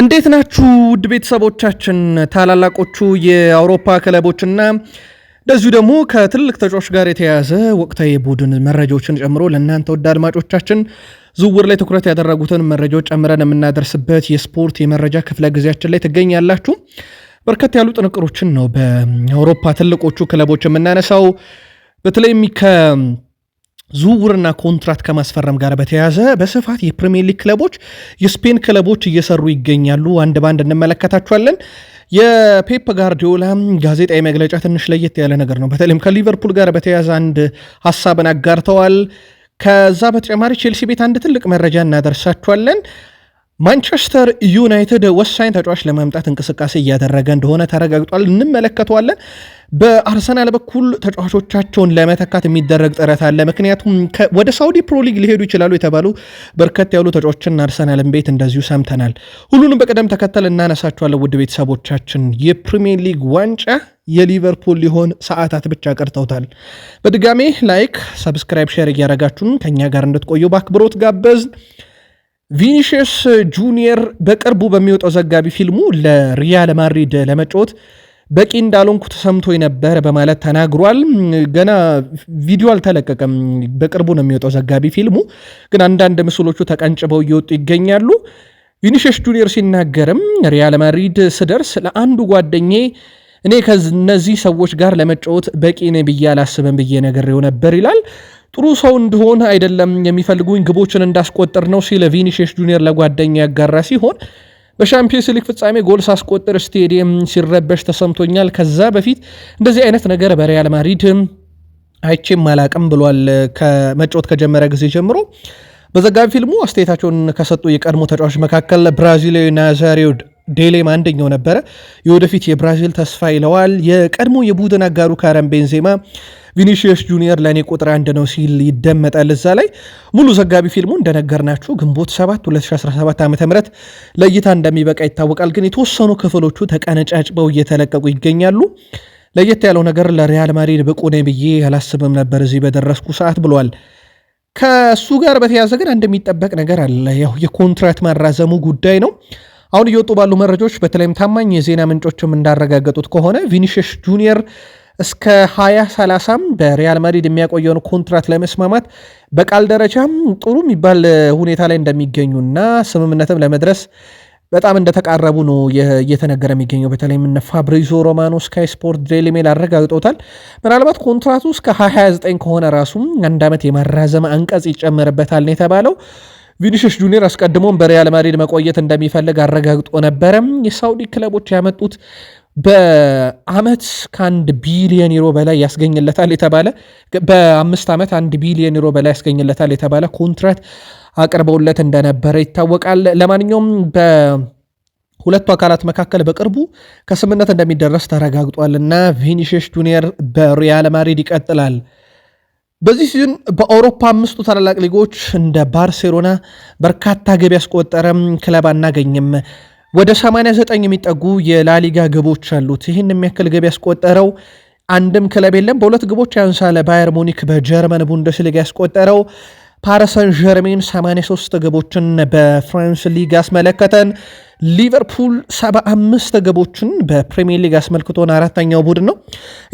እንዴት ናችሁ ውድ ቤተሰቦቻችን? ታላላቆቹ የአውሮፓ ክለቦችና እንደዚሁ ደግሞ ከትልቅ ተጫዋች ጋር የተያያዘ ወቅታዊ ቡድን መረጃዎችን ጨምሮ ለእናንተ ውድ አድማጮቻችን ዝውውር ላይ ትኩረት ያደረጉትን መረጃዎች ጨምረን የምናደርስበት የስፖርት የመረጃ ክፍለ ጊዜያችን ላይ ትገኛላችሁ። በርከት ያሉ ጥንቅሮችን ነው በአውሮፓ ትልቆቹ ክለቦች የምናነሳው በተለይም ከ ዝውውርና ኮንትራት ከማስፈረም ጋር በተያያዘ በስፋት የፕሪሚየር ሊግ ክለቦች የስፔን ክለቦች እየሰሩ ይገኛሉ። አንድ ባንድ እንመለከታቸዋለን። የፔፕ ጋርዲዮላ ጋዜጣዊ መግለጫ ትንሽ ለየት ያለ ነገር ነው። በተለይም ከሊቨርፑል ጋር በተያያዘ አንድ ሀሳብን አጋርተዋል። ከዛ በተጨማሪ ቼልሲ ቤት አንድ ትልቅ መረጃ እናደርሳችኋለን። ማንቸስተር ዩናይትድ ወሳኝ ተጫዋች ለማምጣት እንቅስቃሴ እያደረገ እንደሆነ ተረጋግጧል። እንመለከተዋለን። በአርሰናል በኩል ተጫዋቾቻቸውን ለመተካት የሚደረግ ጥረት አለ። ምክንያቱም ወደ ሳውዲ ፕሮ ሊግ ሊሄዱ ይችላሉ የተባሉ በርከት ያሉ ተጫዋቾችን አርሰናልን ቤት እንደዚሁ ሰምተናል። ሁሉንም በቅደም ተከተል እናነሳቸዋለን። ውድ ቤተሰቦቻችን የፕሪሚየር ሊግ ዋንጫ የሊቨርፑል ሊሆን ሰዓታት ብቻ ቀርተውታል። በድጋሜ ላይክ፣ ሰብስክራይብ፣ ሼር እያረጋችሁን ከእኛ ጋር እንድትቆዩ በአክብሮት ጋበዝ ቪኒሽስ ጁኒየር በቅርቡ በሚወጣው ዘጋቢ ፊልሙ ለሪያል ማድሪድ ለመጫወት በቂ እንዳልሆንኩ ተሰምቶ ነበር በማለት ተናግሯል። ገና ቪዲዮ አልተለቀቀም። በቅርቡ ነው የሚወጣው ዘጋቢ ፊልሙ፣ ግን አንዳንድ ምስሎቹ ተቀንጭበው እየወጡ ይገኛሉ። ቪኒሽስ ጁኒየር ሲናገርም ሪያል ማድሪድ ስደርስ ለአንዱ ጓደኜ እኔ ከነዚህ ሰዎች ጋር ለመጫወት በቂ ነኝ ብዬ አላስብም ብዬ ነግሬው ነበር ይላል። ጥሩ ሰው እንደሆነ አይደለም የሚፈልጉኝ ግቦችን እንዳስቆጥር ነው ሲል ቪኒሽስ ጁኒየር ለጓደኛ ያጋራ ሲሆን በሻምፒየንስ ሊግ ፍጻሜ ጎል ሳስቆጥር ስቴዲየም ሲረበሽ ተሰምቶኛል። ከዛ በፊት እንደዚህ አይነት ነገር በሪያል ማድሪድ አይቼም አላቅም ብሏል። ከመጫወት ከጀመረ ጊዜ ጀምሮ በዘጋቢ ፊልሙ አስተያየታቸውን ከሰጡ የቀድሞ ተጫዋች መካከል ብራዚላዊ ናዛሪዮ ዴሌም አንደኛው ነበረ። የወደፊት የብራዚል ተስፋ ይለዋል። የቀድሞ የቡድን አጋሩ ካረም ቤንዜማ ቪኒሺየስ ጁኒየር ለእኔ ቁጥር አንድ ነው ሲል ይደመጣል። እዛ ላይ ሙሉ ዘጋቢ ፊልሙ እንደነገርናችሁ ግንቦት 7 2017 ዓ ም ለእይታ እንደሚበቃ ይታወቃል። ግን የተወሰኑ ክፍሎቹ ተቀነጫጭበው እየተለቀቁ ይገኛሉ። ለየት ያለው ነገር ለሪያል ማድሪድ ብቁ ነኝ ብዬ አላስብም ነበር እዚህ በደረስኩ ሰዓት ብሏል። ከእሱ ጋር በተያዘ ግን አንድ የሚጠበቅ ነገር አለ። ያው የኮንትራት ማራዘሙ ጉዳይ ነው። አሁን እየወጡ ባሉ መረጃዎች በተለይም ታማኝ የዜና ምንጮችም እንዳረጋገጡት ከሆነ ቪኒሽስ ጁኒየር እስከ 2030ም በሪያል ማድሪድ የሚያቆየውን ኮንትራት ለመስማማት በቃል ደረጃም ጥሩ የሚባል ሁኔታ ላይ እንደሚገኙና ስምምነትም ለመድረስ በጣም እንደተቃረቡ ነው እየተነገረ የሚገኘው። በተለይ የምነ ፋብሪዞ ሮማኖ ስካይ ስፖርት ዴይሊ ሜል አረጋግጠውታል። ምናልባት ኮንትራቱ እስከ 2029 ከሆነ ራሱም አንድ ዓመት የማራዘም አንቀጽ ይጨመርበታል ነው የተባለው። ቪኒሽስ ጁኒየር አስቀድሞም በሪያል ማድሪድ መቆየት እንደሚፈልግ አረጋግጦ ነበረም። የሳውዲ ክለቦች ያመጡት በአመት ከአንድ ቢሊዮን ዩሮ በላይ ያስገኝለታል የተባለ በአምስት ዓመት አንድ ቢሊዮን ዩሮ በላይ ያስገኝለታል የተባለ ኮንትራት አቅርበውለት እንደነበረ ይታወቃል። ለማንኛውም በሁለቱ አካላት መካከል በቅርቡ ከስምነት እንደሚደረስ ተረጋግጧል እና ቪኒሽስ ጁኒየር በሪያል ማድሪድ ይቀጥላል። በዚህ ሲዝን በአውሮፓ አምስቱ ታላላቅ ሊጎች እንደ ባርሴሎና በርካታ ገቢ ያስቆጠረም ክለብ አናገኝም። ወደ 89 የሚጠጉ የላሊጋ ግቦች አሉት። ይህን የሚያክል ግብ ያስቆጠረው አንድም ክለብ የለም። በሁለት ግቦች ያንሳለ ባየር ሙኒክ በጀርመን ቡንደስሊጋ ያስቆጠረው ፓሪሰን ጀርሜን 83 ግቦችን በፍራንስ ሊግ አስመለከተን። ሊቨርፑል 75 ግቦችን በፕሪሚየር ሊግ አስመልክቶን አራተኛው ቡድን ነው።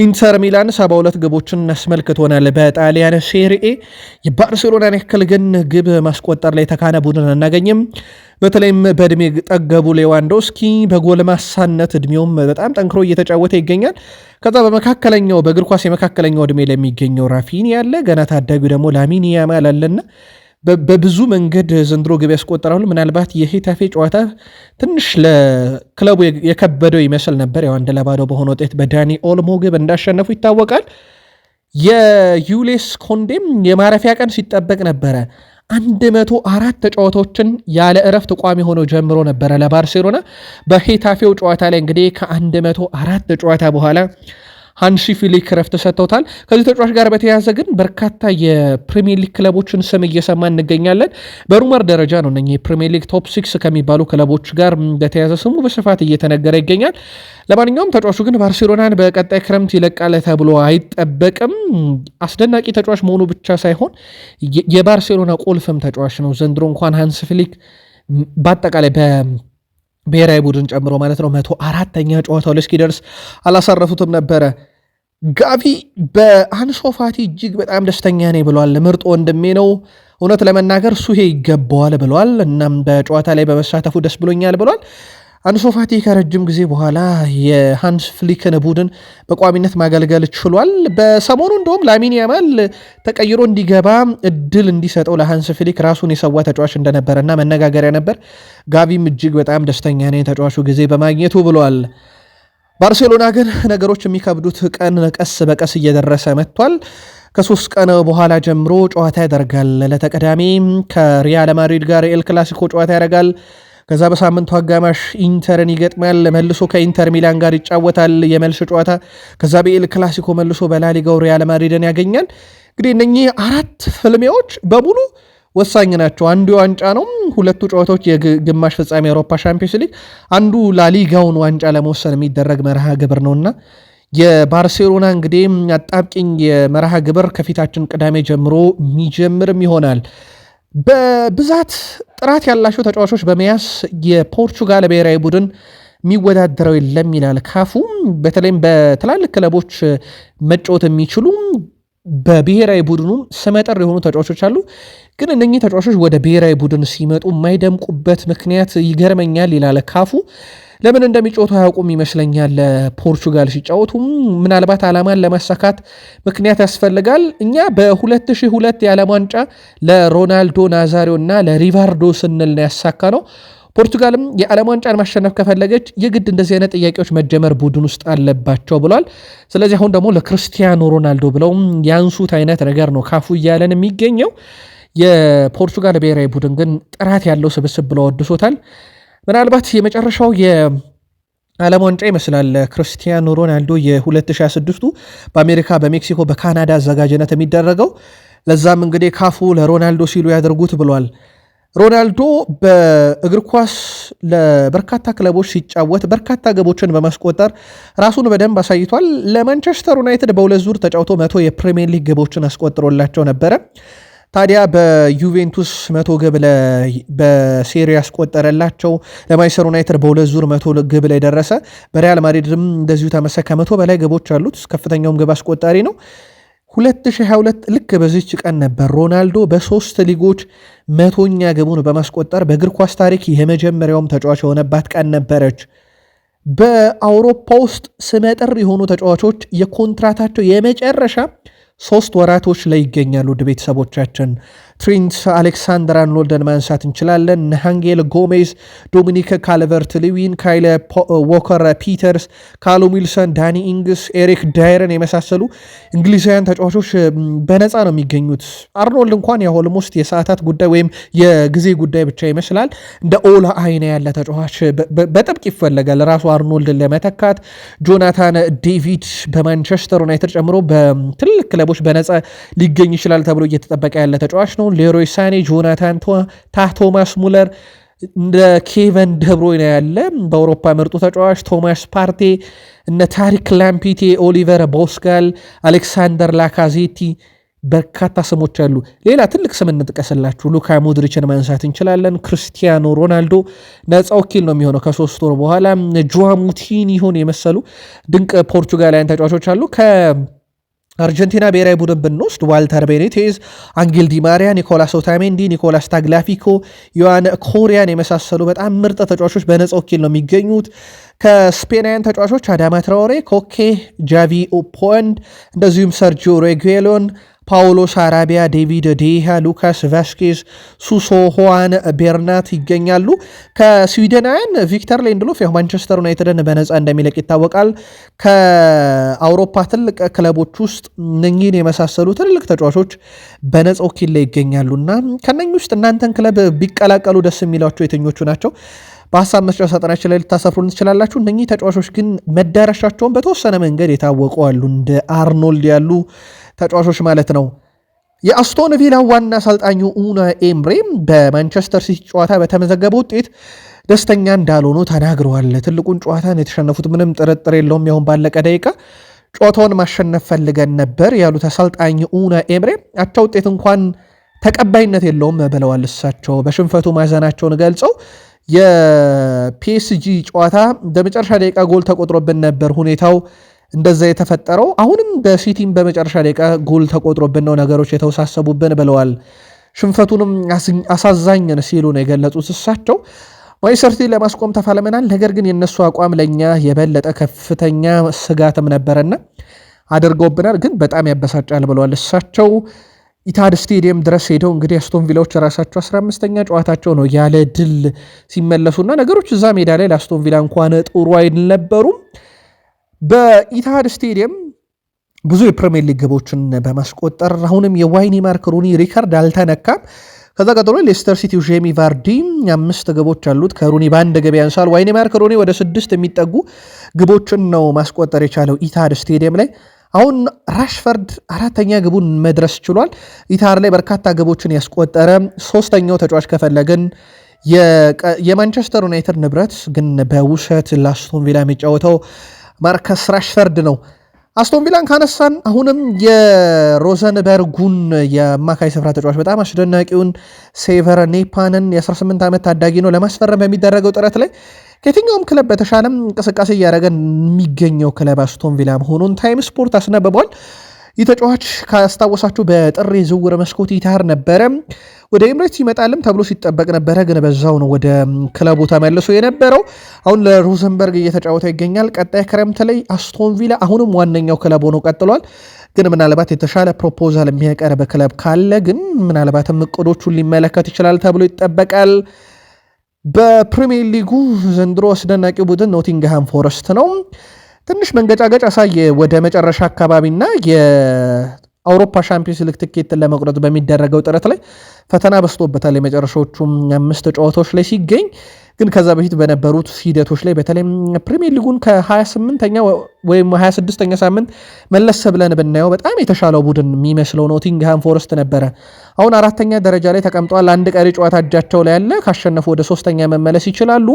ኢንተር ሚላን 72 ግቦችን አስመልክቶናል በጣሊያን ሴሪኤ። የባርሴሎናን ያክል ግን ግብ ማስቆጠር ላይ ተካነ ቡድን አናገኝም። በተለይም በእድሜ ጠገቡ ሌዋንዶስኪ በጎልማሳነት እድሜውም በጣም ጠንክሮ እየተጫወተ ይገኛል። ከዛ በመካከለኛው በእግር ኳስ የመካከለኛው እድሜ ለሚገኘው ራፊኒ ያለ ገና ታዳጊው ደግሞ ላሚኒ ያማል አለና በብዙ መንገድ ዘንድሮ ግብ ያስቆጠራሉ። ምናልባት የሄታፌ ጨዋታ ትንሽ ለክለቡ የከበደው ይመስል ነበር። ያው አንድ ለባዶ በሆነ ውጤት በዳኒ ኦልሞ ግብ እንዳሸነፉ ይታወቃል። የዩሌስ ኮንዴም የማረፊያ ቀን ሲጠበቅ ነበረ። አንድ መቶ አራት ያለ እረፍት ቋሚ ሆኖ ጀምሮ ነበረ ለባርሴሎና። በሄታፌው ጨዋታ ላይ እንግዲህ ከ መቶ አራት ጨዋታ በኋላ ሃንሲ ፊሊክ ረፍት ሰጥተውታል። ከዚህ ተጫዋች ጋር በተያያዘ ግን በርካታ የፕሪሚየር ሊግ ክለቦችን ስም እየሰማ እንገኛለን። በሩመር ደረጃ ነው እነ የፕሪሚየር ሊግ ቶፕ ሲክስ ከሚባሉ ክለቦች ጋር በተያያዘ ስሙ በስፋት እየተነገረ ይገኛል። ለማንኛውም ተጫዋቹ ግን ባርሴሎናን በቀጣይ ክረምት ይለቃል ተብሎ አይጠበቅም። አስደናቂ ተጫዋች መሆኑ ብቻ ሳይሆን የባርሴሎና ቁልፍም ተጫዋች ነው። ዘንድሮ እንኳን ሃንስ ፊሊክ በአጠቃላይ ብሔራዊ ቡድን ጨምሮ ማለት ነው መቶ አራተኛ ጨዋታው ላይ እስኪደርስ አላሳረፉትም ነበረ። ጋቪ በአንሶፋቲ እጅግ በጣም ደስተኛ ነኝ ብለዋል። ምርጥ ወንድሜ ነው፣ እውነት ለመናገር ሱሄ ይገባዋል ብለዋል። እናም በጨዋታ ላይ በመሳተፉ ደስ ብሎኛል ብለዋል። አንሶፋቲ ከረጅም ጊዜ በኋላ የሃንስ ፍሊክን ቡድን በቋሚነት ማገልገል ችሏል። በሰሞኑ እንደውም ላሚን ያማል ተቀይሮ እንዲገባ እድል እንዲሰጠው ለሃንስ ፍሊክ ራሱን የሰዋ ተጫዋች እንደነበረና መነጋገሪያ ነበር። ጋቢም እጅግ በጣም ደስተኛ ነኝ ተጫዋቹ ጊዜ በማግኘቱ ብለዋል። ባርሴሎና ግን ነገሮች የሚከብዱት ቀን ቀስ በቀስ እየደረሰ መጥቷል። ከሶስት ቀን በኋላ ጀምሮ ጨዋታ ያደርጋል። ለተቀዳሚ ከሪያል ማድሪድ ጋር ኤል ክላሲኮ ጨዋታ ያደርጋል። ከዛ በሳምንቱ አጋማሽ ኢንተርን ይገጥማል። መልሶ ከኢንተር ሚላን ጋር ይጫወታል የመልስ ጨዋታ። ከዛ በኤል ክላሲኮ መልሶ በላሊጋው ሪያል ማድሪድን ያገኛል። እንግዲህ እነኚህ አራት ፍልሚያዎች በሙሉ ወሳኝ ናቸው። አንዱ ዋንጫ ነው። ሁለቱ ጨዋታዎች የግማሽ ፍጻሜ የአውሮፓ ሻምፒዮንስ ሊግ፣ አንዱ ላሊጋውን ዋንጫ ለመወሰን የሚደረግ መርሃ ግብር ነውና የባርሴሎና እንግዲህ አጣብቂኝ የመርሃ ግብር ከፊታችን ቅዳሜ ጀምሮ የሚጀምርም ይሆናል። በብዛት ጥራት ያላቸው ተጫዋቾች በመያዝ የፖርቹጋል ብሔራዊ ቡድን የሚወዳደረው የለም ይላል ካፉ። በተለይም በትላልቅ ክለቦች መጫወት የሚችሉ በብሔራዊ ቡድኑም ስመጥር የሆኑ ተጫዋቾች አሉ። ግን እነኚህ ተጫዋቾች ወደ ብሔራዊ ቡድን ሲመጡ የማይደምቁበት ምክንያት ይገርመኛል ይላል ካፉ። ለምን እንደሚጫወቱ አያውቁም ይመስለኛል። ለፖርቹጋል ሲጫወቱም ምናልባት ዓላማን ለማሳካት ምክንያት ያስፈልጋል። እኛ በ2002 የዓለም ዋንጫ ለሮናልዶ ናዛሪዮ እና ለሪቫርዶ ስንል ነው ያሳካ ነው። ፖርቱጋልም የዓለም ዋንጫን ማሸነፍ ከፈለገች የግድ እንደዚህ አይነት ጥያቄዎች መጀመር ቡድን ውስጥ አለባቸው ብሏል። ስለዚህ አሁን ደግሞ ለክርስቲያኖ ሮናልዶ ብለው ያንሱት አይነት ነገር ነው ካፉ እያለን የሚገኘው። የፖርቱጋል ብሔራዊ ቡድን ግን ጥራት ያለው ስብስብ ብለው ወድሶታል። ምናልባት የመጨረሻው ዓለም ዋንጫ ይመስላል። ክርስቲያኖ ሮናልዶ የ2026ቱ በአሜሪካ፣ በሜክሲኮ፣ በካናዳ አዘጋጅነት የሚደረገው ለዛም እንግዲህ ካፉ ለሮናልዶ ሲሉ ያደርጉት ብሏል። ሮናልዶ በእግር ኳስ ለበርካታ ክለቦች ሲጫወት በርካታ ግቦችን በማስቆጠር ራሱን በደንብ አሳይቷል። ለማንቸስተር ዩናይትድ በሁለት ዙር ተጫውቶ መቶ የፕሪሚየር ሊግ ግቦችን አስቆጥሮላቸው ነበረ። ታዲያ በዩቬንቱስ መቶ ግብ በሴሪ ያስቆጠረላቸው፣ ለማንቸስተር ዩናይትድ በሁለት ዙር መቶ ግብ ላይ ደረሰ። በሪያል ማድሪድም እንደዚሁ ተመሳይ ከመቶ በላይ ግቦች አሉት። ከፍተኛውም ግብ አስቆጣሪ ነው። 2022 ልክ በዚች ቀን ነበር ሮናልዶ በሶስት ሊጎች መቶኛ ግቡን በማስቆጠር በእግር ኳስ ታሪክ የመጀመሪያውም ተጫዋች የሆነባት ቀን ነበረች። በአውሮፓ ውስጥ ስመጥር የሆኑ ተጫዋቾች የኮንትራታቸው የመጨረሻ ሶስት ወራቶች ላይ ይገኛሉ። ውድ ቤተሰቦቻችን ትሪንት አሌክሳንደር አርኖልድን ማንሳት እንችላለን። ሃንጌል ጎሜዝ፣ ዶሚኒክ ካልቨርት ልዊን፣ ካይለ ዎከር ፒተርስ፣ ካሎም ዊልሰን፣ ዳኒ ኢንግስ፣ ኤሪክ ዳይረን የመሳሰሉ እንግሊዛውያን ተጫዋቾች በነፃ ነው የሚገኙት። አርኖልድ እንኳን የሆልሞስት የሰዓታት ጉዳይ ወይም የጊዜ ጉዳይ ብቻ ይመስላል። እንደ ኦላ አይነ ያለ ተጫዋች በጥብቅ ይፈለጋል ራሱ አርኖልድን ለመተካት። ጆናታን ዴቪድ በማንቸስተር ዩናይትድ ጨምሮ በትልልቅ ክለቦች በነፃ ሊገኝ ይችላል ተብሎ እየተጠበቀ ያለ ተጫዋች ነው። ሲሆን ሌሮይ ሳኔ፣ ጆናታን ታህ፣ ቶማስ ሙለር እንደ ኬቨን ደብሮይነ ያለ በአውሮፓ ምርጡ ተጫዋች ቶማስ ፓርቴ፣ እነ ታሪክ ላምፒቴ፣ ኦሊቨር ቦስጋል፣ አሌክሳንደር ላካዜቲ በርካታ ስሞች አሉ። ሌላ ትልቅ ስም እንጥቀስላችሁ ሉካ ሞድሪችን ማንሳት እንችላለን። ክርስቲያኖ ሮናልዶ ነፃ ወኪል ነው የሚሆነው ከሶስት ወር በኋላ። ጆዋ ሙቲኒሆን የመሰሉ ድንቅ ፖርቹጋላውያን ተጫዋቾች አሉ። አርጀንቲና ብሔራዊ ቡድን ብንወስድ ዋልተር ቤኔቴዝ፣ አንጌል ዲማሪያ፣ ኒኮላስ ኦታሜንዲ፣ ኒኮላስ ታግላፊኮ፣ ዮዋን ኮሪያን የመሳሰሉ በጣም ምርጥ ተጫዋቾች በነጻ ወኪል ነው የሚገኙት። ከስፔናውያን ተጫዋቾች አዳማ ትራወሬ፣ ኮኬ፣ ጃቪ ፖንድ እንደዚሁም ሰርጂዮ ሬጌሎን ፓውሎ ሳራቢያ፣ ዴቪድ ዴሃ፣ ሉካስ ቫስኬዝ፣ ሱሶ፣ ሆዋን ቤርናት ይገኛሉ። ከስዊድናውያን ቪክተር ሌንድሎፍ ያው ማንቸስተር ዩናይትድን በነፃ እንደሚለቅ ይታወቃል። ከአውሮፓ ትልቅ ክለቦች ውስጥ እነኚህን የመሳሰሉ ትልልቅ ተጫዋቾች በነፃ ወኪል ላይ ይገኛሉ እና ከነኚህ ውስጥ እናንተን ክለብ ቢቀላቀሉ ደስ የሚሏቸው የትኞቹ ናቸው? በሀሳብ መስጫ ሳጥናችን ላይ ልታሰፍሩን ትችላላችሁ። እነኚህ ተጫዋቾች ግን መዳረሻቸውን በተወሰነ መንገድ የታወቁ አሉ። እንደ አርኖልድ ያሉ ተጫዋቾች ማለት ነው። የአስቶን ቪላ ዋና አሰልጣኙ ኡና ኤምሬም በማንቸስተር ሲቲ ጨዋታ በተመዘገበ ውጤት ደስተኛ እንዳልሆኑ ተናግረዋል። ትልቁን ጨዋታ የተሸነፉት ምንም ጥርጥር የለውም፣ ያሁን ባለቀ ደቂቃ ጨዋታውን ማሸነፍ ፈልገን ነበር ያሉት አሰልጣኝ ኡና ኤምሬም አቻ ውጤት እንኳን ተቀባይነት የለውም ብለዋል። እሳቸው በሽንፈቱ ማዘናቸውን ገልጸው የፒኤስጂ ጨዋታ በመጨረሻ ደቂቃ ጎል ተቆጥሮብን ነበር ሁኔታው እንደዛ የተፈጠረው አሁንም በሲቲም በመጨረሻ ደቂቃ ጎል ተቆጥሮብን ነው ነገሮች የተወሳሰቡብን ብለዋል። ሽንፈቱንም አሳዛኝን ሲሉ ነው የገለጹት እሳቸው። ማይሰርሲቲ ለማስቆም ተፋልመናል፣ ነገር ግን የእነሱ አቋም ለእኛ የበለጠ ከፍተኛ ስጋትም ነበረና አድርገውብናል፣ ግን በጣም ያበሳጫል ብለዋል እሳቸው። ኢታድ ስቴዲየም ድረስ ሄደው እንግዲህ አስቶን ቪላዎች ራሳቸው 15ኛ ጨዋታቸው ነው ያለ ድል ሲመለሱና ነገሮች እዛ ሜዳ ላይ ለአስቶን ቪላ እንኳን ጥሩ አይደል ነበሩም። በኢትሃድ ስቴዲየም ብዙ የፕሪሚየር ሊግ ግቦችን በማስቆጠር አሁንም የዋይኒ ማርክ ሩኒ ሪከርድ አልተነካም። ከዛ ቀጥሎ ሌስተር ሲቲው ጄሚ ቫርዲ አምስት ግቦች አሉት፣ ከሩኒ በአንድ ግብ ያንሳል። ዋይኒ ማርክ ሩኒ ወደ ስድስት የሚጠጉ ግቦችን ነው ማስቆጠር የቻለው ኢትሃድ ስቴዲየም ላይ። አሁን ራሽፈርድ አራተኛ ግቡን መድረስ ችሏል። ኢትሃድ ላይ በርካታ ግቦችን ያስቆጠረ ሶስተኛው ተጫዋች ከፈለግን የማንቸስተር ዩናይትድ ንብረት ግን በውሰት ለአስቶን ቪላ የሚጫወተው ማርከስ ራሽፈርድ ነው። አስቶን ቪላን ካነሳን አሁንም የሮዘንበርጉን የአማካይ ስፍራ ተጫዋች በጣም አስደናቂውን ሴቨር ኔፓንን የ18 ዓመት ታዳጊ ነው ለማስፈረም በሚደረገው ጥረት ላይ ከየትኛውም ክለብ በተሻለም እንቅስቃሴ እያደረገ የሚገኘው ክለብ አስቶን ቪላ መሆኑን ታይም ስፖርት አስነብቧል። ይህ ተጫዋች ካስታወሳችሁ በጥር ዝውር መስኮት ይታር ነበረ። ወደ ኤምሬት ይመጣልም ተብሎ ሲጠበቅ ነበረ፣ ግን በዛው ነው ወደ ክለቡ ተመልሶ የነበረው። አሁን ለሮዘንበርግ እየተጫወተ ይገኛል። ቀጣይ ክረምት ላይ አስቶን ቪላ አሁንም ዋነኛው ክለብ ሆኖ ቀጥሏል። ግን ምናልባት የተሻለ ፕሮፖዛል የሚያቀርብ ክለብ ካለ ግን ምናልባትም እቅዶቹን ሊመለከት ይችላል ተብሎ ይጠበቃል። በፕሪሚየር ሊጉ ዘንድሮ አስደናቂ ቡድን ኖቲንግሃም ፎረስት ነው። ትንሽ መንገጫገጭ አሳየ ወደ መጨረሻ አካባቢና አውሮፓ ሻምፒዮንስ ሊግ ትኬትን ለመቁረጥ በሚደረገው ጥረት ላይ ፈተና በስቶበታል። የመጨረሻዎቹም አምስት ጨዋታዎች ላይ ሲገኝ ግን ከዛ በፊት በነበሩት ሂደቶች ላይ በተለይ ፕሪሚየር ሊጉን ከ28ኛ ወይም 26ኛ ሳምንት መለስ ብለን ብናየው በጣም የተሻለው ቡድን የሚመስለው ኖቲንግሃም ፎረስት ነበረ። አሁን አራተኛ ደረጃ ላይ ተቀምጠዋል። አንድ ቀሪ ጨዋታ እጃቸው ላይ ያለ፣ ካሸነፉ ወደ ሶስተኛ መመለስ ይችላሉ።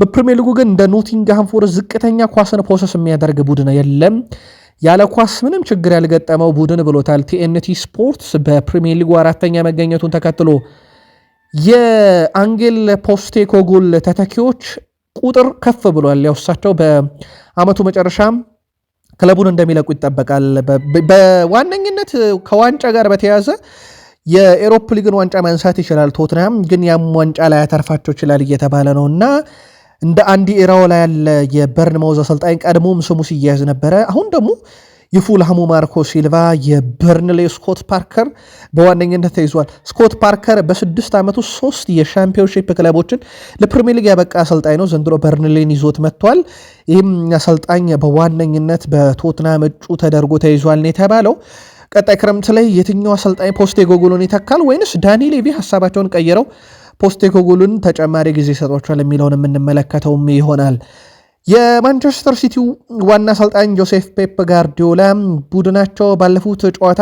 በፕሪሚየር ሊጉ ግን እንደ ኖቲንግሃም ፎረስት ዝቅተኛ ኳስን ፖሰስ የሚያደርግ ቡድን የለም። ያለ ኳስ ምንም ችግር ያልገጠመው ቡድን ብሎታል። ቲኤንቲ ስፖርትስ በፕሪሚየር ሊጉ አራተኛ መገኘቱን ተከትሎ የአንጌል ፖስቴ ኮጉል ተተኪዎች ቁጥር ከፍ ብሏል። ያው እሳቸው በአመቱ መጨረሻም ክለቡን እንደሚለቁ ይጠበቃል። በዋነኝነት ከዋንጫ ጋር በተያያዘ የኤሮፕ ሊግን ዋንጫ ማንሳት ይችላል። ቶትናም ግን ያም ዋንጫ ላይ ያተርፋቸው ይችላል እየተባለ ነው እና እንደ አንዲ ኢራኦላ ያለ የበርንማውዝ አሰልጣኝ ቀድሞም ስሙ ሲያያዝ ነበረ። አሁን ደግሞ የፉልሃሙ ማርኮ ሲልቫ የበርንሌ ስኮት ፓርከር በዋነኝነት ተይዟል። ስኮት ፓርከር በስድስት ዓመቱ ሶስት የሻምፒዮንሺፕ ክለቦችን ለፕሪሚየር ሊግ ያበቃ አሰልጣኝ ነው። ዘንድሮ በርንሌን ይዞት መጥቷል። ይህም አሰልጣኝ በዋነኝነት በቶትናም እጩ ተደርጎ ተይዟል ነው የተባለው። ቀጣይ ክረምት ላይ የትኛው አሰልጣኝ ፖስቴ ጎጎሎን ይተካል ወይንስ ዳኒ ሌቪ ሀሳባቸውን ቀይረው ፖስቴኮግሉን ተጨማሪ ጊዜ ይሰጧቸዋል የሚለውን የምንመለከተውም ይሆናል። የማንቸስተር ሲቲው ዋና አሰልጣኝ ጆሴፍ ፔፕ ጋርዲዮላ ቡድናቸው ባለፉት ጨዋታ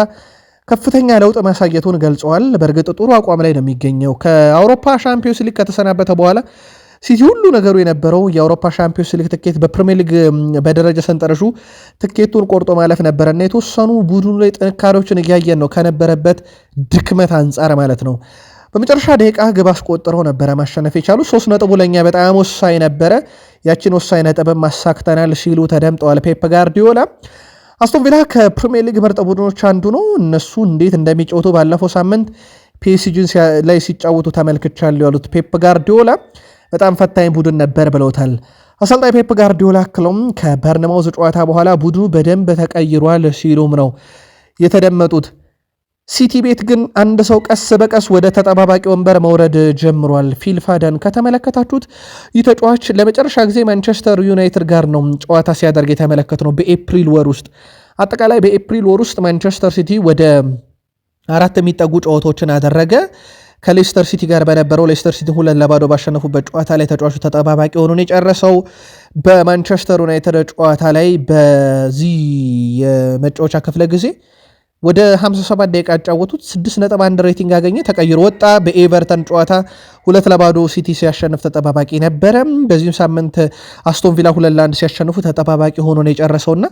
ከፍተኛ ለውጥ ማሳየቱን ገልጸዋል። በእርግጥ ጥሩ አቋም ላይ ነው የሚገኘው። ከአውሮፓ ሻምፒዮንስ ሊግ ከተሰናበተ በኋላ ሲቲ ሁሉ ነገሩ የነበረው የአውሮፓ ሻምፒዮንስ ሊግ ትኬት በፕሪሚየር ሊግ በደረጃ ሰንጠረሹ ትኬቱን ቆርጦ ማለፍ ነበረና የተወሰኑ ቡድኑ ላይ ጥንካሬዎችን እያየን ነው ከነበረበት ድክመት አንጻር ማለት ነው። በመጨረሻ ደቂቃ ግብ አስቆጥረው ነበረ ማሸነፍ የቻሉ ሶስት ነጥቡ ለእኛ በጣም ወሳኝ ነበረ፣ ያችን ወሳኝ ነጥብም አሳክተናል ሲሉ ተደምጠዋል ፔፕ ጋርዲዮላ። አስቶን ቪላ ከፕሪሚየር ሊግ ምርጥ ቡድኖች አንዱ ነው። እነሱ እንዴት እንደሚጫወቱ ባለፈው ሳምንት ፒኤስጂን ላይ ሲጫወቱ ተመልክቻለሁ ያሉት ፔፕ ጋርዲዮላ በጣም ፈታኝ ቡድን ነበር ብለውታል። አሰልጣኝ ፔፕ ጋርዲዮላ አክለውም ከበርነማውዝ ጨዋታ በኋላ ቡድኑ በደንብ ተቀይሯል ሲሉም ነው የተደመጡት። ሲቲ ቤት ግን አንድ ሰው ቀስ በቀስ ወደ ተጠባባቂ ወንበር መውረድ ጀምሯል። ፊልፋዳን ከተመለከታችሁት ይህ ተጫዋች ለመጨረሻ ጊዜ ማንቸስተር ዩናይትድ ጋር ነው ጨዋታ ሲያደርግ የተመለከት ነው በኤፕሪል ወር ውስጥ። አጠቃላይ በኤፕሪል ወር ውስጥ ማንቸስተር ሲቲ ወደ አራት የሚጠጉ ጨዋታዎችን አደረገ። ከሌስተር ሲቲ ጋር በነበረው ሌስተር ሲቲ ሁለት ለባዶ ባሸነፉበት ጨዋታ ላይ ተጫዋቹ ተጠባባቂ ሆኖን የጨረሰው በማንቸስተር ዩናይትድ ጨዋታ ላይ በዚህ የመጫወቻ ክፍለ ጊዜ ወደ 57 ደቂቃ ያጫወቱት 6.1 ሬቲንግ አገኘ። ተቀይሮ ወጣ። በኤቨርተን ጨዋታ ሁለት ለባዶ ሲቲ ሲያሸንፍ ተጠባባቂ ነበረም። በዚህም ሳምንት አስቶን ቪላ ሁለት ለአንድ ሲያሸንፉ ተጠባባቂ ሆኖ ነው የጨረሰውና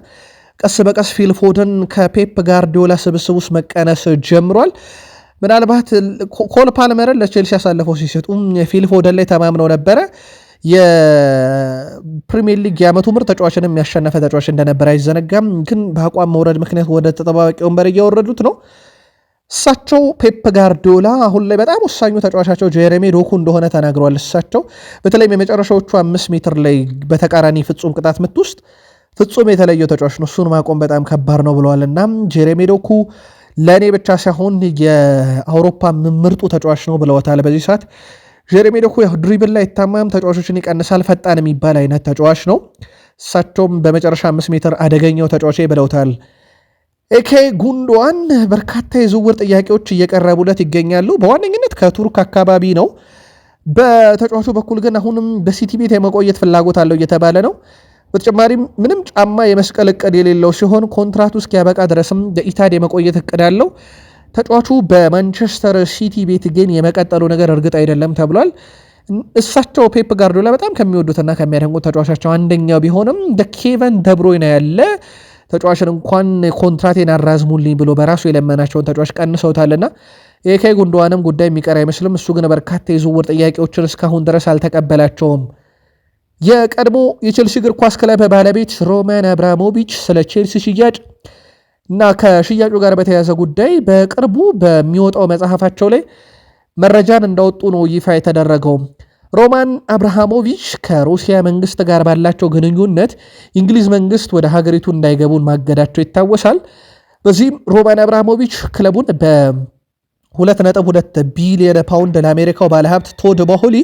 ቀስ በቀስ ፊልፎደን ከፔፕ ጋርዲዮላ ስብስብ ውስጥ መቀነስ ጀምሯል። ምናልባት ኮል ፓልመርን ለቼልሲ ያሳለፈው ሲሰጡም ፊልፎደን ላይ ተማምነው ነበረ። የፕሪሚየር ሊግ የዓመቱ ምርጥ ተጫዋችን የሚያሸነፈ ተጫዋች እንደነበር አይዘነጋም። ግን በአቋም መውረድ ምክንያት ወደ ተጠባባቂ ወንበር እያወረዱት ነው። እሳቸው ፔፕ ጋርዲዮላ አሁን ላይ በጣም ወሳኙ ተጫዋቻቸው ጀሬሚ ዶኩ እንደሆነ ተናግረዋል። እሳቸው በተለይም የመጨረሻዎቹ አምስት ሜትር ላይ በተቃራኒ ፍጹም ቅጣት ምት ውስጥ ፍጹም የተለየው ተጫዋች ነው። እሱን ማቆም በጣም ከባድ ነው ብለዋል። እና ጀሬሚ ዶኩ ለእኔ ብቻ ሳይሆን የአውሮፓ ምርጡ ተጫዋች ነው ብለውታል በዚህ ሰዓት ጀሬሚ ዶኩ ያው ድሪብል ላይ አይታማም፣ ተጫዋቾችን ይቀንሳል፣ ፈጣን የሚባል አይነት ተጫዋች ነው። እሳቸውም በመጨረሻ አምስት ሜትር አደገኛው ተጫዋች ብለውታል። ኤኬ ጉንዶዋን በርካታ የዝውውር ጥያቄዎች እየቀረቡለት ይገኛሉ። በዋነኝነት ከቱርክ አካባቢ ነው። በተጫዋቹ በኩል ግን አሁንም በሲቲ ቤት የመቆየት ፍላጎት አለው እየተባለ ነው። በተጨማሪም ምንም ጫማ የመስቀል እቅድ የሌለው ሲሆን ኮንትራቱ እስኪያበቃ ድረስም በኢታድ የመቆየት እቅድ አለው። ተጫዋቹ በማንቸስተር ሲቲ ቤት ግን የመቀጠሉ ነገር እርግጥ አይደለም ተብሏል። እሳቸው ፔፕ ጋርዶላ በጣም ከሚወዱትና ከሚያደንቁት ተጫዋቻቸው አንደኛው ቢሆንም ደኬቨን ኬቨን ደብሮይነ ያለ ተጫዋችን እንኳን ኮንትራቴን አራዝሙልኝ ብሎ በራሱ የለመናቸውን ተጫዋች ቀንሰውታልና የኬ ጉንዶዋንም ጉዳይ የሚቀር አይመስልም። እሱ ግን በርካታ የዝውውር ጥያቄዎችን እስካሁን ድረስ አልተቀበላቸውም። የቀድሞ የቼልሲ እግር ኳስ ክለብ ባለቤት ሮማን አብራሞቪች ስለ ቼልሲ ሽያጭ እና ከሽያጩ ጋር በተያያዘ ጉዳይ በቅርቡ በሚወጣው መጽሐፋቸው ላይ መረጃን እንዳወጡ ነው ይፋ የተደረገው። ሮማን አብርሃሞቪች ከሩሲያ መንግስት ጋር ባላቸው ግንኙነት የእንግሊዝ መንግስት ወደ ሀገሪቱ እንዳይገቡን ማገዳቸው ይታወሳል። በዚህም ሮማን አብርሃሞቪች ክለቡን በ 2.2 ቢሊየን ፓውንድ ለአሜሪካው ባለሀብት ቶድ ባሆሊ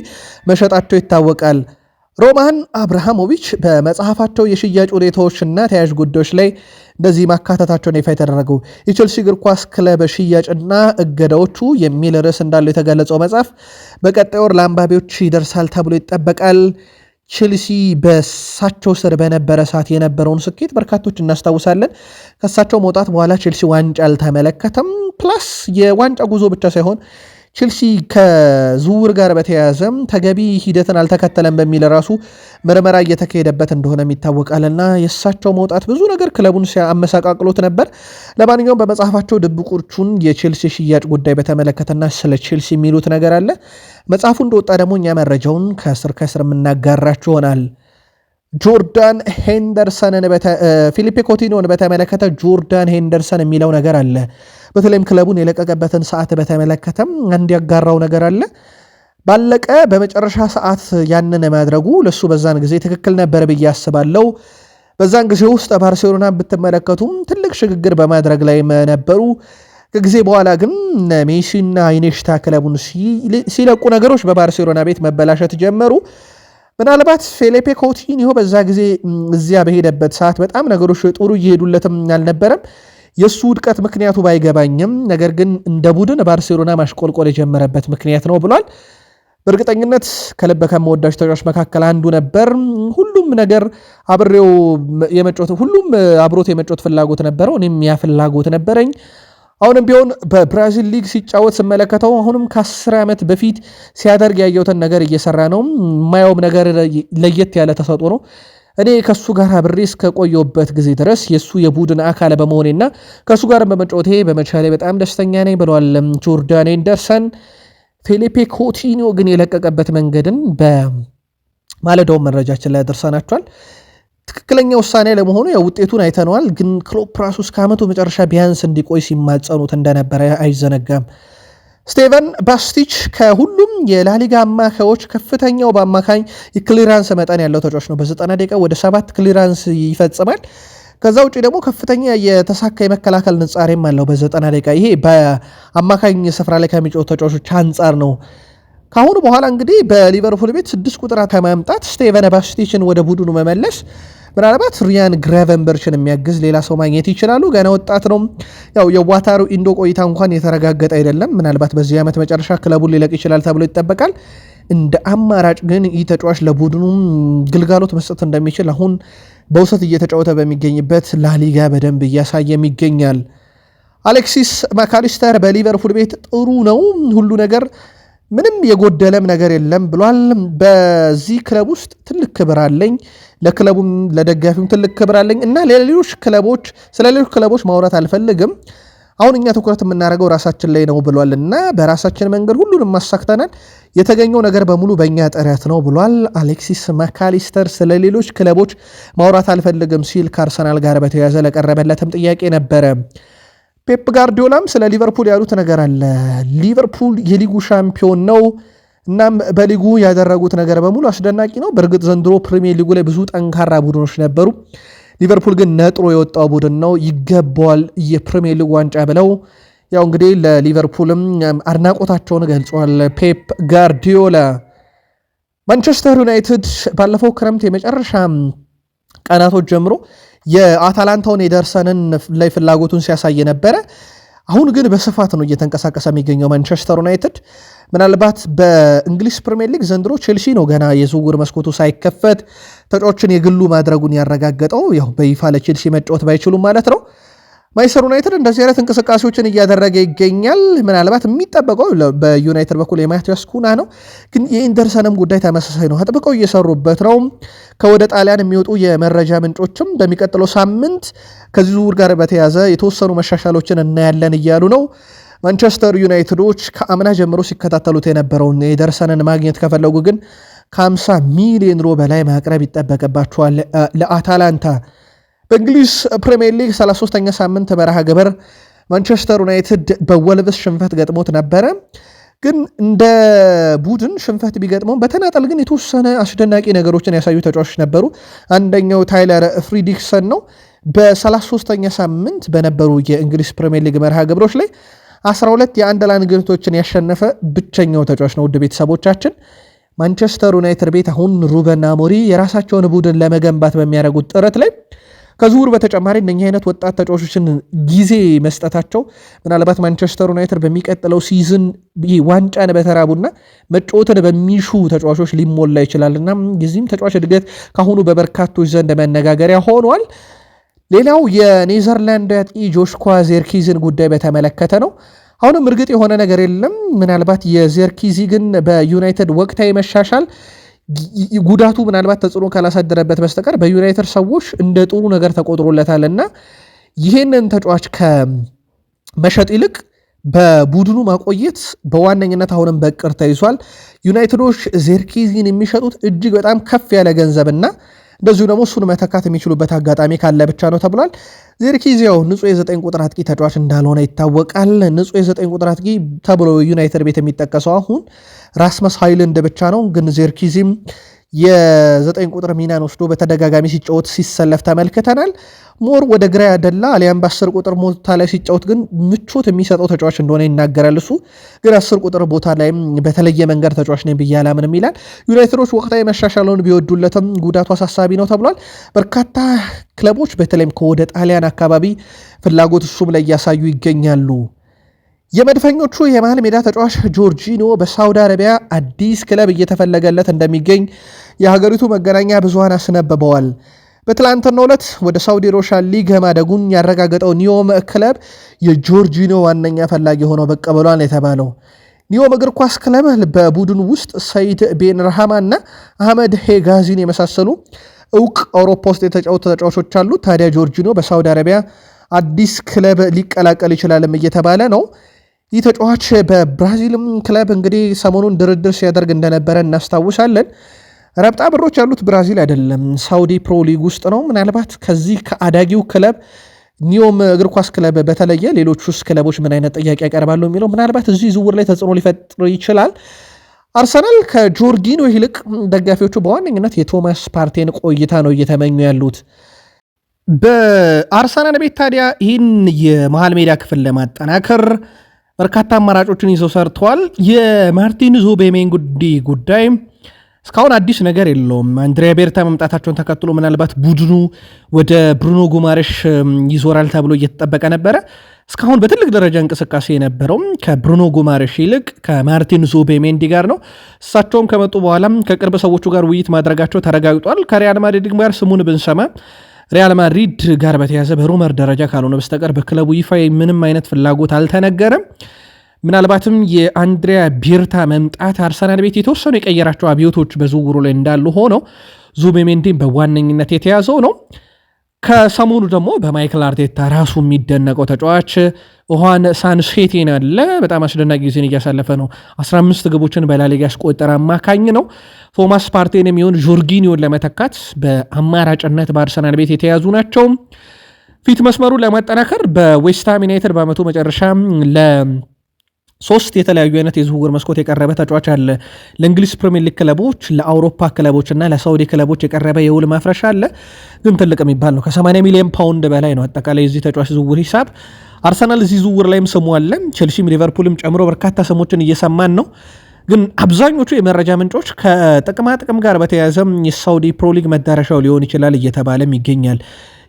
መሸጣቸው ይታወቃል። ሮማን አብርሃሞቪች በመጽሐፋቸው የሽያጭ ሁኔታዎችና ተያያዥ ጉዳዮች ላይ እንደዚህ ማካተታቸውን ይፋ የተደረገው የቼልሲ እግር ኳስ ክለብ ሽያጭና እገዳዎቹ የሚል ርዕስ እንዳለው የተገለጸው መጽሐፍ በቀጣይ ወር ለአንባቢዎች ይደርሳል ተብሎ ይጠበቃል። ቼልሲ በሳቸው ስር በነበረ ሰዓት የነበረውን ስኬት በርካቶች እናስታውሳለን። ከሳቸው መውጣት በኋላ ቼልሲ ዋንጫ አልተመለከተም። ፕላስ የዋንጫ ጉዞ ብቻ ሳይሆን ቼልሲ ከዝውውር ጋር በተያያዘም ተገቢ ሂደትን አልተከተለም በሚል ራሱ ምርመራ እየተካሄደበት እንደሆነም ይታወቃልና የእሳቸው መውጣት ብዙ ነገር ክለቡን ሲያመሰቃቅሎት ነበር። ለማንኛውም በመጽሐፋቸው ድብቆቹን የቼልሲ ሽያጭ ጉዳይ በተመለከተና ስለ ቼልሲ የሚሉት ነገር አለ። መጽሐፉ እንደወጣ ደግሞ እኛ መረጃውን ከስር ከስር የምናጋራችሁ ይሆናል። ጆርዳን ሄንደርሰንን ፊሊፔ ኮቲኖን በተመለከተ ጆርዳን ሄንደርሰን የሚለው ነገር አለ በተለይም ክለቡን የለቀቀበትን ሰዓት በተመለከተም አንድ ያጋራው ነገር አለ። ባለቀ በመጨረሻ ሰዓት ያንን ማድረጉ ለሱ በዛን ጊዜ ትክክል ነበር ብዬ አስባለሁ። በዛን ጊዜ ውስጥ ባርሴሎና ብትመለከቱም ትልቅ ሽግግር በማድረግ ላይ ነበሩ። ከጊዜ በኋላ ግን ሜሲና ኢኔሽታ ክለቡን ሲለቁ ነገሮች በባርሴሎና ቤት መበላሸት ጀመሩ። ምናልባት ፌሌፔ ኮቲኒሆ በዛ ጊዜ እዚያ በሄደበት ሰዓት በጣም ነገሮች ጥሩ እየሄዱለትም አልነበረም። የእሱ ውድቀት ምክንያቱ ባይገባኝም ነገር ግን እንደ ቡድን ባርሴሎና ማሽቆልቆል የጀመረበት ምክንያት ነው ብሏል። በእርግጠኝነት ከልበ ከመወዳጅ ተጫዋች መካከል አንዱ ነበር። ሁሉም ነገር አብሬው የመጮት ሁሉም አብሮት የመጮት ፍላጎት ነበረው። እኔም ያ ፍላጎት ነበረኝ። አሁንም ቢሆን በብራዚል ሊግ ሲጫወት ስመለከተው አሁንም ከአስር ዓመት በፊት ሲያደርግ ያየሁትን ነገር እየሰራ ነው። የማየውም ነገር ለየት ያለ ተሰጦ ነው። እኔ ከእሱ ጋር አብሬ እስከቆየበት ጊዜ ድረስ የእሱ የቡድን አካል በመሆኔና ከእሱ ጋር በመጫወቴ በመቻሌ በጣም ደስተኛ ነኝ ብለዋል ጆርዳን ኤንደርሰን። ፌሊፔ ኮቲኒዮ ግን የለቀቀበት መንገድን በማለዳው መረጃችን ላይ ደርሰናቸዋል። ትክክለኛ ውሳኔ ለመሆኑ ውጤቱን አይተነዋል። ግን ክሎፕ ራሱ እስከ ዓመቱ መጨረሻ ቢያንስ እንዲቆይ ሲማጸኑት እንደነበረ አይዘነጋም። ስቴቨን ባስቲች ከሁሉም የላሊጋ አማካዮች ከፍተኛው በአማካኝ የክሊራንስ መጠን ያለው ተጫዋች ነው። በ90 ደቂቃ ወደ ሰባት ክሊራንስ ይፈጽማል። ከዛ ውጭ ደግሞ ከፍተኛ የተሳካ የመከላከል ንጻሬም አለው በ90 ደቂቃ። ይሄ በአማካኝ ስፍራ ላይ ከሚጫወቱ ተጫዋቾች አንጻር ነው። ከአሁኑ በኋላ እንግዲህ በሊቨርፑል ቤት ስድስት ቁጥር ከማምጣት ስቴቨን ባስቲችን ወደ ቡድኑ መመለስ ምናልባት ሪያን ግራቨንበርችን የሚያግዝ ሌላ ሰው ማግኘት ይችላሉ። ገና ወጣት ነው። ያው የዋታሩ ኢንዶ ቆይታ እንኳን የተረጋገጠ አይደለም። ምናልባት በዚህ ዓመት መጨረሻ ክለቡን ሊለቅ ይችላል ተብሎ ይጠበቃል። እንደ አማራጭ ግን ይህ ተጫዋች ለቡድኑ ግልጋሎት መስጠት እንደሚችል አሁን በውሰት እየተጫወተ በሚገኝበት ላሊጋ በደንብ እያሳየም ይገኛል። አሌክሲስ ማካሊስተር በሊቨርፑል ቤት ጥሩ ነው። ሁሉ ነገር ምንም የጎደለም ነገር የለም ብሏል። በዚህ ክለብ ውስጥ ትልቅ ክብር አለኝ፣ ለክለቡም ለደጋፊውም ትልቅ ክብር አለኝ እና ለሌሎች ክለቦች ስለ ሌሎች ክለቦች ማውራት አልፈልግም። አሁን እኛ ትኩረት የምናደርገው ራሳችን ላይ ነው ብሏል እና በራሳችን መንገድ ሁሉንም አሳክተናል፣ የተገኘው ነገር በሙሉ በእኛ ጥረት ነው ብሏል። አሌክሲስ ማካሊስተር ስለ ሌሎች ክለቦች ማውራት አልፈልግም ሲል ከአርሰናል ጋር በተያያዘ ለቀረበለትም ጥያቄ ነበረ ፔፕ ጋርዲዮላም ስለ ሊቨርፑል ያሉት ነገር አለ። ሊቨርፑል የሊጉ ሻምፒዮን ነው። እናም በሊጉ ያደረጉት ነገር በሙሉ አስደናቂ ነው። በእርግጥ ዘንድሮ ፕሪሚየር ሊጉ ላይ ብዙ ጠንካራ ቡድኖች ነበሩ። ሊቨርፑል ግን ነጥሮ የወጣው ቡድን ነው፣ ይገባዋል የፕሪሚየር ሊጉ ዋንጫ ብለው ያው እንግዲህ ለሊቨርፑልም አድናቆታቸውን ገልጿል ፔፕ ጋርዲዮላ። ማንቸስተር ዩናይትድ ባለፈው ክረምት የመጨረሻ ቀናቶች ጀምሮ የአታላንታውን የደርሰንን ላይ ፍላጎቱን ሲያሳይ ነበረ። አሁን ግን በስፋት ነው እየተንቀሳቀሰ የሚገኘው ማንቸስተር ዩናይትድ። ምናልባት በእንግሊዝ ፕሪምየር ሊግ ዘንድሮ ቼልሲ ነው ገና የዝውውር መስኮቱ ሳይከፈት ተጫዎችን የግሉ ማድረጉን ያረጋገጠው፣ ያው በይፋ ለቼልሲ መጫወት ባይችሉም ማለት ነው። ማንችስተር ዩናይትድ እንደዚህ አይነት እንቅስቃሴዎችን እያደረገ ይገኛል። ምናልባት የሚጠበቀው በዩናይትድ በኩል የማቲያስ ኩና ነው፣ ግን የኢንደርሰንም ጉዳይ ተመሳሳይ ነው። አጥብቀው እየሰሩበት ነው። ከወደ ጣሊያን የሚወጡ የመረጃ ምንጮችም በሚቀጥለው ሳምንት ከዚህ ዝውውር ጋር በተያዘ የተወሰኑ መሻሻሎችን እናያለን እያሉ ነው። ማንቸስተር ዩናይትዶች ከአምና ጀምሮ ሲከታተሉት የነበረውን የደርሰንን ማግኘት ከፈለጉ ግን ከ50 ሚሊዮን ሮ በላይ ማቅረብ ይጠበቅባቸዋል ለአታላንታ በእንግሊዝ ፕሪምየር ሊግ 33ኛ ሳምንት መርሃ ግብር ማንቸስተር ዩናይትድ በወልቭስ ሽንፈት ገጥሞት ነበረ። ግን እንደ ቡድን ሽንፈት ቢገጥመው በተናጠል ግን የተወሰነ አስደናቂ ነገሮችን ያሳዩ ተጫዋቾች ነበሩ። አንደኛው ታይለር ፍሪድሪክሰን ነው። በ33ኛ ሳምንት በነበሩ የእንግሊዝ ፕሪምየር ሊግ መርሃ ግብሮች ላይ 12 የአንድ ለአንድ ግብቶችን ያሸነፈ ብቸኛው ተጫዋች ነው። ውድ ቤተሰቦቻችን ማንቸስተር ዩናይትድ ቤት አሁን ሩበን ሞሪ የራሳቸውን ቡድን ለመገንባት በሚያደርጉት ጥረት ላይ ከዝውውር በተጨማሪ እነኚህ አይነት ወጣት ተጫዋቾችን ጊዜ መስጠታቸው ምናልባት ማንቸስተር ዩናይትድ በሚቀጥለው ሲዝን ዋንጫን በተራቡና መጫወትን በሚሹ ተጫዋቾች ሊሞላ ይችላል እና ተጫዋች እድገት ካሁኑ በበርካቶች ዘንድ መነጋገሪያ ሆኗል። ሌላው የኔዘርላንድ አጥቂ ጆሽኳ ዜርኪዝን ጉዳይ በተመለከተ ነው። አሁንም እርግጥ የሆነ ነገር የለም። ምናልባት የዜርኪዚ ግን በዩናይትድ ወቅታዊ መሻሻል ጉዳቱ ምናልባት ተጽዕኖ ካላሳደረበት በስተቀር በዩናይትድ ሰዎች እንደ ጥሩ ነገር ተቆጥሮለታል እና ይህንን ተጫዋች ከመሸጥ ይልቅ በቡድኑ ማቆየት በዋነኝነት አሁንም በቅር ተይዟል። ዩናይትዶች ዜርኪዚን የሚሸጡት እጅግ በጣም ከፍ ያለ ገንዘብና እንደዚሁ ደግሞ እሱን መተካት የሚችሉበት አጋጣሚ ካለ ብቻ ነው ተብሏል። ዚርክዜ ያው ንጹህ የዘጠኝ ቁጥር አጥቂ ተጫዋች እንዳልሆነ ይታወቃል። ንጹህ የዘጠኝ ቁጥር አጥቂ ተብሎ ዩናይትድ ቤት የሚጠቀሰው አሁን ራስመስ ሀይልንድ ብቻ ነው። ግን ዚርኪዚም የዘጠኝ ቁጥር ሚናን ወስዶ በተደጋጋሚ ሲጫወት ሲሰለፍ ተመልክተናል። ሞር ወደ ግራ ያደላ አሊያም በአስር ቁጥር ቦታ ላይ ሲጫወት ግን ምቾት የሚሰጠው ተጫዋች እንደሆነ ይናገራል። እሱ ግን አስር ቁጥር ቦታ ላይም በተለየ መንገድ ተጫዋች ነኝ ብዬ አላምንም ይላል። ዩናይትዶች ወቅታዊ መሻሻለውን ቢወዱለትም ጉዳቱ አሳሳቢ ነው ተብሏል። በርካታ ክለቦች በተለይም ከወደ ጣሊያን አካባቢ ፍላጎት እሱም ላይ እያሳዩ ይገኛሉ። የመድፈኞቹ የመሃል ሜዳ ተጫዋች ጆርጂኖ በሳውዲ አረቢያ አዲስ ክለብ እየተፈለገለት እንደሚገኝ የሀገሪቱ መገናኛ ብዙሃን አስነብበዋል። በትላንትናው ዕለት ወደ ሳውዲ ሮሻን ሊግ ማደጉን ያረጋገጠው ኒዮም ክለብ የጆርጂኖ ዋነኛ ፈላጊ ሆነው መቀበሏን የተባለው ኒዮም እግር ኳስ ክለብ በቡድን ውስጥ ሰይድ ቤን ረሃማ እና አህመድ ሄጋዚን የመሳሰሉ እውቅ አውሮፓ ውስጥ የተጫወቱ ተጫዋቾች አሉ። ታዲያ ጆርጂኖ በሳውዲ አረቢያ አዲስ ክለብ ሊቀላቀል ይችላልም እየተባለ ነው። ይህ ተጫዋች በብራዚልም ክለብ እንግዲህ ሰሞኑን ድርድር ሲያደርግ እንደነበረ እናስታውሳለን። ረብጣ ብሮች ያሉት ብራዚል አይደለም፣ ሳውዲ ፕሮ ሊግ ውስጥ ነው። ምናልባት ከዚህ ከአዳጊው ክለብ ኒዮም እግር ኳስ ክለብ በተለየ ሌሎች ውስጥ ክለቦች ምን አይነት ጥያቄ ያቀርባሉ የሚለው ምናልባት እዚህ ዝውውር ላይ ተጽዕኖ ሊፈጥር ይችላል። አርሰናል ከጆርጊኖ ይልቅ ደጋፊዎቹ በዋነኝነት የቶማስ ፓርቴን ቆይታ ነው እየተመኙ ያሉት። በአርሰናል ቤት ታዲያ ይህን የመሃል ሜዳ ክፍል ለማጠናከር በርካታ አማራጮችን ይዘው ሰርተዋል። የማርቲን ዙቤሜንዲ ጉዳይ እስካሁን አዲስ ነገር የለውም። አንድሪያ ቤርታ መምጣታቸውን ተከትሎ ምናልባት ቡድኑ ወደ ብሩኖ ጉማሬሽ ይዞራል ተብሎ እየተጠበቀ ነበረ። እስካሁን በትልቅ ደረጃ እንቅስቃሴ የነበረውም ከብሩኖ ጉማሬሽ ይልቅ ከማርቲን ዙቤሜንዲ ጋር ነው። እሳቸውም ከመጡ በኋላም ከቅርብ ሰዎቹ ጋር ውይይት ማድረጋቸው ተረጋግጧል። ከሪያል ማድሪድ ጋር ስሙን ብንሰማ ሪያል ማድሪድ ጋር በተያዘ በሩመር ደረጃ ካልሆነ በስተቀር በክለቡ ይፋ ምንም አይነት ፍላጎት አልተነገረም። ምናልባትም የአንድሪያ ቢርታ መምጣት አርሰናል ቤት የተወሰኑ የቀየራቸው አብዮቶች በዝውውሩ ላይ እንዳሉ ሆኖ ዙቤሜንዲን በዋነኝነት የተያዘው ነው። ከሰሞኑ ደግሞ በማይክል አርቴታ ራሱ የሚደነቀው ተጫዋች ውሃን ሳንሴቴን አለ። በጣም አስደናቂ ጊዜን እያሳለፈ ነው። 15 ግቦችን በላሊጋ ያስቆጠረ አማካኝ ነው። ቶማስ ፓርቴን የሚሆን ጆርጊኒዮን ለመተካት በአማራጭነት በአርሰናል ቤት የተያዙ ናቸው። ፊት መስመሩን ለማጠናከር በዌስትሃም ዩናይትድ በዓመቱ መጨረሻ ለ ሶስት የተለያዩ አይነት የዝውውር መስኮት የቀረበ ተጫዋች አለ። ለእንግሊዝ ፕሪሚየር ሊግ ክለቦች፣ ለአውሮፓ ክለቦች እና ለሳውዲ ክለቦች የቀረበ የውል ማፍረሻ አለ፣ ግን ትልቅ የሚባል ነው። ከ80 ሚሊዮን ፓውንድ በላይ ነው አጠቃላይ የዚህ ተጫዋች ዝውውር ሂሳብ። አርሰናል እዚህ ዝውውር ላይም ስሙ አለ። ቼልሲም ሊቨርፑልም ጨምሮ በርካታ ስሞችን እየሰማን ነው። ግን አብዛኞቹ የመረጃ ምንጮች ከጥቅማ ጥቅም ጋር በተያያዘም የሳውዲ ፕሮሊግ መዳረሻው ሊሆን ይችላል እየተባለም ይገኛል።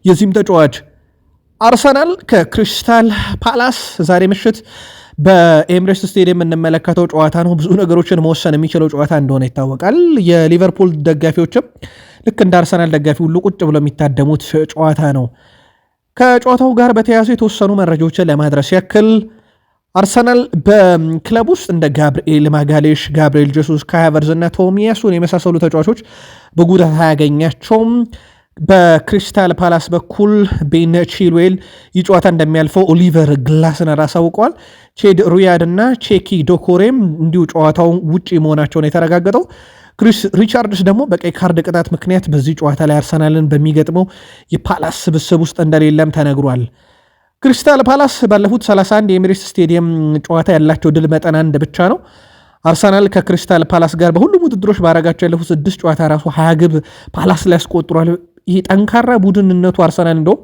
የዚህም ተጫዋች አርሰናል ከክሪስታል ፓላስ ዛሬ ምሽት በኤምሬትስ ስቴዲየም የምንመለከተው ጨዋታ ነው። ብዙ ነገሮችን መወሰን የሚችለው ጨዋታ እንደሆነ ይታወቃል። የሊቨርፑል ደጋፊዎችም ልክ እንደ አርሰናል ደጋፊ ሁሉ ቁጭ ብሎ የሚታደሙት ጨዋታ ነው። ከጨዋታው ጋር በተያያዙ የተወሰኑ መረጃዎችን ለማድረስ ያክል አርሰናል በክለብ ውስጥ እንደ ጋብርኤል ማጋሌሽ፣ ጋብርኤል ጀሱስ፣ ካያቨርዝ እና ቶሚያሱን የመሳሰሉ ተጫዋቾች በጉዳት አያገኛቸውም። በክሪስታል ፓላስ በኩል ቤን ቺልዌል ይህ ጨዋታ እንደሚያልፈው ኦሊቨር ግላስነር አሳውቀዋል። ቼድ ሩያድ እና ቼኪ ዶኮሬም እንዲሁ ጨዋታውን ውጪ መሆናቸውን የተረጋገጠው። ክሪስ ሪቻርድስ ደግሞ በቀይ ካርድ ቅጣት ምክንያት በዚህ ጨዋታ ላይ አርሰናልን በሚገጥመው የፓላስ ስብስብ ውስጥ እንደሌለም ተነግሯል። ክሪስታል ፓላስ ባለፉት 31 የኤሚሬትስ ስቴዲየም ጨዋታ ያላቸው ድል መጠን አንድ ብቻ ነው። አርሰናል ከክሪስታል ፓላስ ጋር በሁሉም ውድድሮች ባረጋቸው ያለፉት ስድስት ጨዋታ ራሱ ሀያ ግብ ፓላስ ላይ ያስቆጥሯል። ይሄ ጠንካራ ቡድንነቱ አርሰናል እንደውም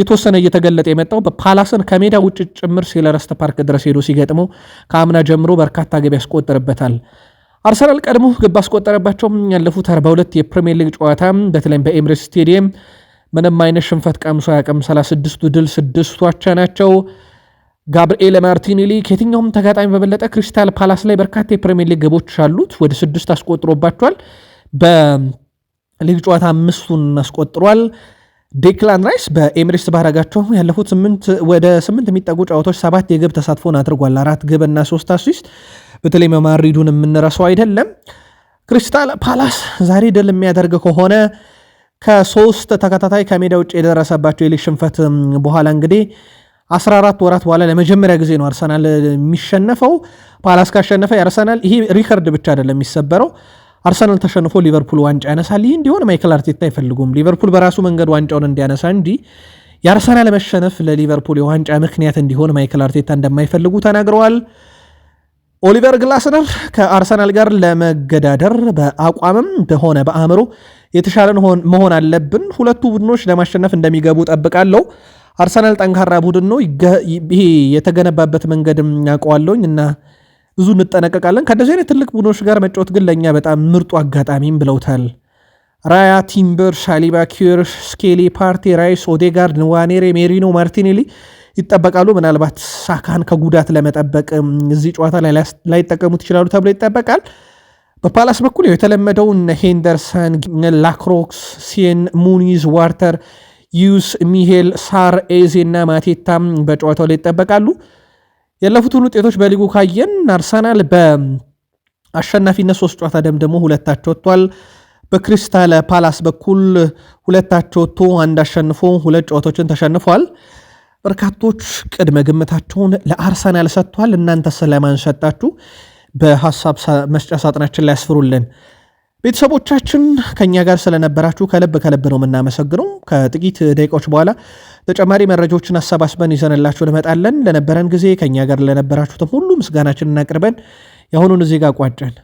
የተወሰነ እየተገለጠ የመጣው በፓላስን ከሜዳ ውጭ ጭምር ሴልኸርስት ፓርክ ድረስ ሄዶ ሲገጥመው ከአምና ጀምሮ በርካታ ገቢ ያስቆጥርበታል። አርሰናል ቀድሞ ግብ አስቆጠረባቸው ያለፉት 42 የፕሪሚየር ሊግ ጨዋታ በተለይም በኤምሬትስ ስቴዲየም ምንም አይነት ሽንፈት ቀምሶ አያውቅም። 36ቱ ድል ስድስቱ አቻ ናቸው። ጋብርኤል ማርቲኒሊ ከየትኛውም ተጋጣሚ በበለጠ ክሪስታል ፓላስ ላይ በርካታ የፕሪሚየር ሊግ ግቦች አሉት። ወደ ስድስት አስቆጥሮባቸዋል በ ሊግ ጨዋታ አምስቱን አስቆጥሯል። ዴክላን ራይስ በኤምሬትስ ባረጋቸው ያለፉት ስምንት ወደ ስምንት የሚጠጉ ጨዋታዎች ሰባት የግብ ተሳትፎን አድርጓል። አራት ግብ እና ሶስት አሲስት። በተለይ መማሪዱን የምንረሰው አይደለም። ክሪስታል ፓላስ ዛሬ ድል የሚያደርግ ከሆነ ከሶስት ተከታታይ ከሜዳ ውጭ የደረሰባቸው የሊግ ሽንፈት በኋላ እንግዲህ 14 ወራት በኋላ ለመጀመሪያ ጊዜ ነው አርሰናል የሚሸነፈው። ፓላስ ካሸነፈ የአርሰናል ይሄ ሪከርድ ብቻ አይደለም የሚሰበረው አርሰናል ተሸንፎ ሊቨርፑል ዋንጫ ያነሳል። ይህ እንዲሆን ማይክል አርቴታ አይፈልጉም። ሊቨርፑል በራሱ መንገድ ዋንጫውን እንዲያነሳ እንጂ የአርሰናል መሸነፍ ለሊቨርፑል የዋንጫ ምክንያት እንዲሆን ማይክል አርቴታ እንደማይፈልጉ ተናግረዋል። ኦሊቨር ግላስነር ከአርሰናል ጋር ለመገዳደር በአቋምም በሆነ በአእምሮ የተሻለ መሆን አለብን። ሁለቱ ቡድኖች ለማሸነፍ እንደሚገቡ ጠብቃለሁ። አርሰናል ጠንካራ ቡድን ነው። ይሄ የተገነባበት መንገድም ያውቀዋለሁኝ እና ብዙ እንጠነቀቃለን። ከእንደዚህ አይነት ትልቅ ቡድኖች ጋር መጫወት ግን ለእኛ በጣም ምርጡ አጋጣሚም ብለውታል። ራያ፣ ቲምበር፣ ሻሊባ፣ ኪር፣ ስኬሊ፣ ፓርቲ ራይስ፣ ኦዴጋርድ፣ ንዋኔሬ፣ ሜሪኖ፣ ማርቲኔሊ ይጠበቃሉ። ምናልባት ሳካን ከጉዳት ለመጠበቅ እዚህ ጨዋታ ላይ ላይጠቀሙት ይችላሉ ተብሎ ይጠበቃል። በፓላስ በኩል የተለመደውን ሄንደርሰን፣ ላክሮክስ፣ ሲን፣ ሙኒዝ፣ ዋርተር፣ ዩስ፣ ሚሄል፣ ሳር፣ ኤዜ እና ማቴታም በጨዋታው ላይ ይጠበቃሉ። ያለፉትን ውጤቶች በሊጉ ካየን አርሰናል በአሸናፊነት ሶስት ጨዋታ ደምድሞ ሁለታቸው ወጥቷል። በክሪስታል ፓላስ በኩል ሁለታቸው ወጥቶ አንድ አሸንፎ ሁለት ጨዋታዎችን ተሸንፏል። በርካቶች ቅድመ ግምታቸውን ለአርሰናል ሰጥቷል። እናንተ ስለማን ሰጣችሁ? በሀሳብ መስጫ ሳጥናችን ላይ ያስፍሩልን። ቤተሰቦቻችን ከእኛ ጋር ስለነበራችሁ ከልብ ከልብ ነው የምናመሰግነው። ከጥቂት ደቂቃዎች በኋላ ተጨማሪ መረጃዎችን አሰባስበን ይዘንላችሁ እንመጣለን። ለነበረን ጊዜ ከእኛ ጋር ለነበራችሁትም ሁሉ ምስጋናችን እናቅርበን። የአሁኑን እዚህ ጋር ቋጨን።